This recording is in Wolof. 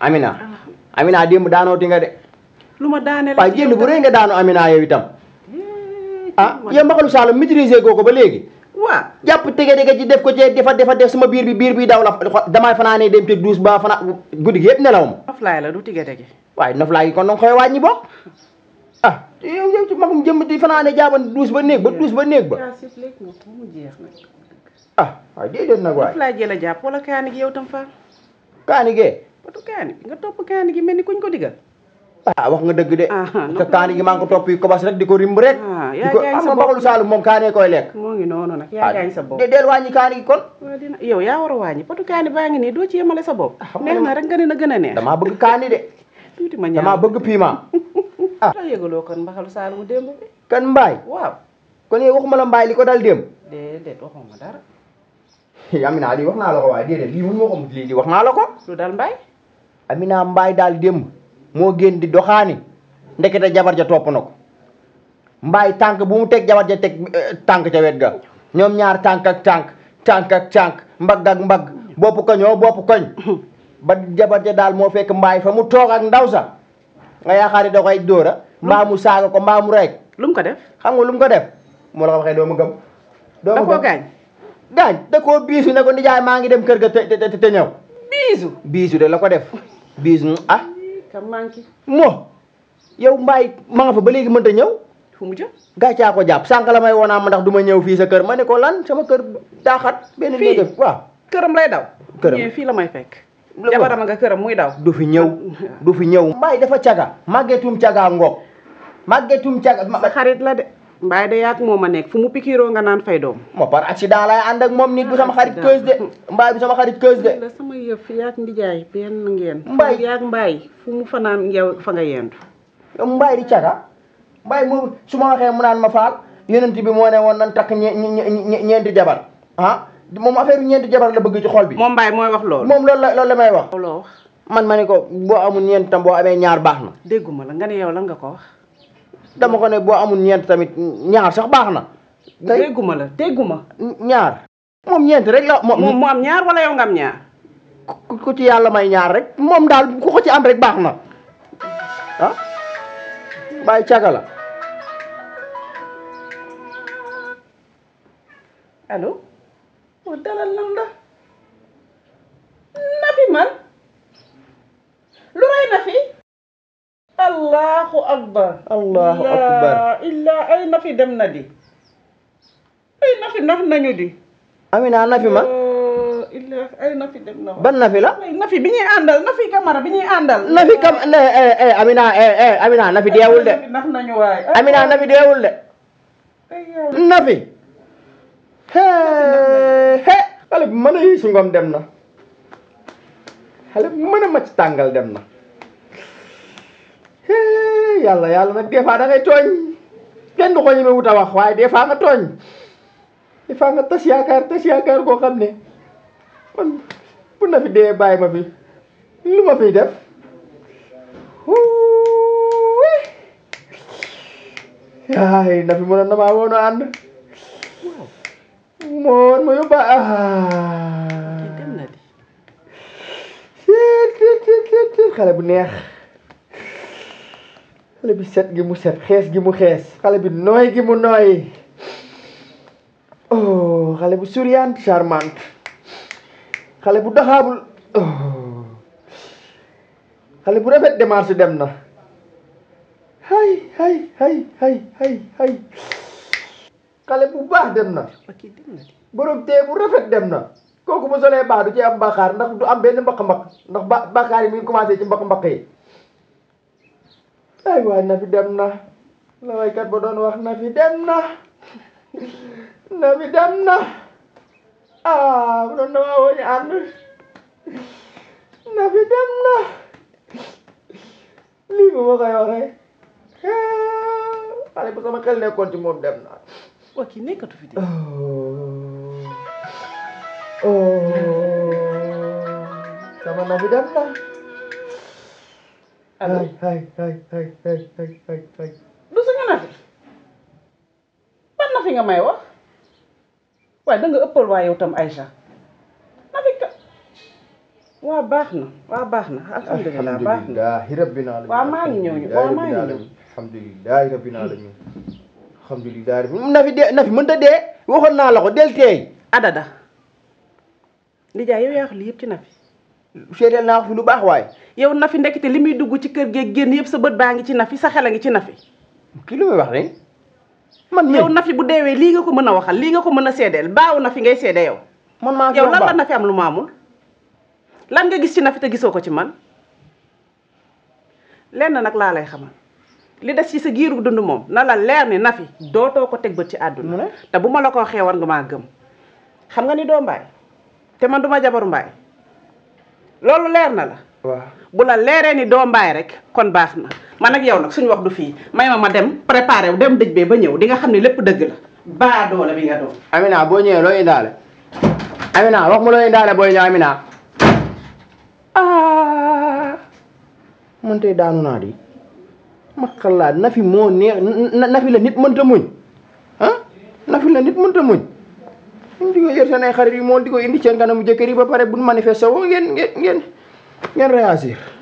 Amina Amina démb daanooti nga de. lu ma daane la jënd bu rëy nga daanu Amina yow itam. Eh, ah yow mbaxalu Saalum maîtriser goo ko ba léegi. waaw jàpp tege tege ci def ko ci defa defa def sama biir bi biir bi daw la damay fanaanee dem te douze ba fana guddi gi yëpp nelaw ma. noflaay la du tege tege. waaye gi kon nag xëy waaj ñi bokk ah yow yow ci magum jëm di fanaanee jaaban douze ba néeg ba douze ba néeg ba. ah waaye déedéet nag waay. noflaay jëla wala kaani gi yow tam fa. kaani gee. Patukani, kan topp kaani kan mel ni kuñ ko digal. ah wax nga dëgg de. te kaani gi maa ngi ko di ko rimb rek. di ko am nga mbaxalu Saalum moom kaanee koy lekk. kon. yow ya orang a patu kaani baa ngi nii doo ci yemale sa bopp. neex na rek nga ne na gën a neex. damaa ah loo ah. yëgaloo ya, kon mbaxalu Saalum démb bi. kan mbaay. waaw kon yow waxuma la mbaay li dal démb. déedéet waxuma dara. yaa mi naa lii wax naa la ko waaye déedéet lii Amina Mbaay daal démb moo génn di doxaani ndekete jabar ja topp na ko mbaay tànk bu mu teg jabar ja teg eh, tànk ca wet ga ñoom ñaar tànk ak tànk tànk ak tànk mbagg ak mbag bopp koñoo bopp koñ ba jabar ja daal moo fekk mbaay fa mu toog ak ndaw sa nga yaakaar ni da koy dóora mbaa saaga ko mbaa mu rey lu mu ko def xam nga lu mu ko def moo la ko waxee doo ma gëm doo ma koo gaañ gaañ da koo biisu ne ko nijaay maa ngi dem kër ga te te te ñëw biisu biisu de la ko def biis mu hmm, ah. ka manqué. mbaay ma fa ba léegi mënta ñëw. fu mu jëm gàccaa ko jàpp sànq la may wonaa ma ndax du ma ñëw fii sa kër ma ne ko lan sama kër taaxat. benn néegam waaw këram lay daw. këram fii la may fekk. jabarama nga këram muy daw. du fi ñëw du fi ñëw. mbaay dafa caga màggetum caga ngoog màggetum caga. sa xarit la de. mbaay de yaak moom a nekk fu mu pikiiroo nga naan fay doom moo par accident lay ànd ak moom nit du sama xarit keus de mbaay du sama xarit keus de la sama yëf yaak ndijaay fanaan yow fa nga yendu yow mbaay di caga mbaay moom su ma waxee mu naan ma faal yonent bi moo ne woon na takk ñeenti jabar ah moom affaire ñeenti jabar la bëgg ci xol bi moom mbaay mooy wax loolu moom loolu la loolu la may wax man ma ne ko boo amul ñeent tam boo amee ñaar baax na dégguma la nga ne nga ko wax dama ko ne boo amul ñeent tamit ñaar sax baax na. dégguma la dégguma. ñaar moom ñeent rek la. moom mu am ñaar wala yow nga am ñaar. ku ci yàlla may ñaar rek moom daal ku ko ci am rek baax na ah bàyyi allo. wa dalal lan la. Allahu Akbar. Allahu la Akbar. illaa ay nafi dem na di. ay nafi nax nañu di. Amina nafi ma. illaa ay nafi dem na ma. ban nafi la. ay nafi bi ñuy àndal nafi Camara bi ñuy àndal. nafi Cam ne e, e, Amina e, Amina nafi deewul de. nax nañu waay. Amina nafi deewul de. Iya. nafi. hee nah hee. xale bu mën a yiisu ngom dem na. xale bu mën yàlla yàlla nag des fois da ngay tooñ kenn du ko ñeme wut a wax waaye des fois nga tooñ des fois nga tas yaakaar tas yaakaar koo xam ne kon bu na fi dee bàyyi ma fi lu ma fiy def ay na fi mënoon na maa woon a ànd moon ma yóbba ah. bu neex. xale bi set gi mu set xees gi mu xees xale bi nooy gi mu nooy oh xale bu souriante charmante xale bu doxaabul oh xale bu rafet démarche dem na hay hay hay hay hay hay bi bu baax dem na borom tee bu rafet dem na kooku bu solee baax du ci am bàkkaar ndax du am benn mbaq mbaq ndax ba bàkkaar yi mi ngi commencé ci mbaq mbaq ايوا في دمنا لو هيك بدون واخنا Nabi دمنا نبي دمنا اه بدون واوني عندوش نبي دمنا lii ma koy waxee xale bu sama xel nekkoon ci moom dem naa. waa fi sama Nabi fi alors ay ay ay ay ay ay du si nga nafi ban nafi nga may wax waaye da nga ëppal waa yow tam Aïcha nafi ka waa baax na waa baax na alhamdulilah baax na alhamdulilahi rabbil mënta dee waxoon naa la ko del teey adada li jaay yow yaa wax lii yëpp ci seedeel naa ko fi lu baax waaye. yow na fi ndekete li muy dugg ci kër gee génn yëpp sa bët baa ngi ci nafi sa xel a ngi ci nafi. kii lu muy wax de man yow nafi bu deewee lii nga ko mën a waxal lii nga ko mën a seedeel baaw na fi ngay seede yow. man maa yow lan la nafi am lu ma amul. lan nga gis ci nafi te gisoo ko ci man lenn nag laa lay xamal. li des ci sa giiru dund moom na la leer ni Nafi dootoo ko teg bët ci àdduna. te bu ma la ko waxee war nga maa gëm. xam nga ni doo te man du jabaru mbaay loolu leer na la. waaw bu la leeree ni doo mbaay rek kon baax na man ak yow nag suñu wax du fii may ma ma dem préparé dem dëj bee ba ñëw dinga xam ne lépp dëgg la baa doole bi nga doon. Amina boo ñëwee loo indaale Amina wax mu loo indaale booy ñëw Amina. Ah. mëntee daanu naa di ma xalaat na fi moo neex na la nit mënta muñ ah na fi la nit mënta muñ. di ko yor moom di ko indi seen kanamu jëkkër yi ba pare bu manifesté woo ngeen ngeen ngeen ngeen réagir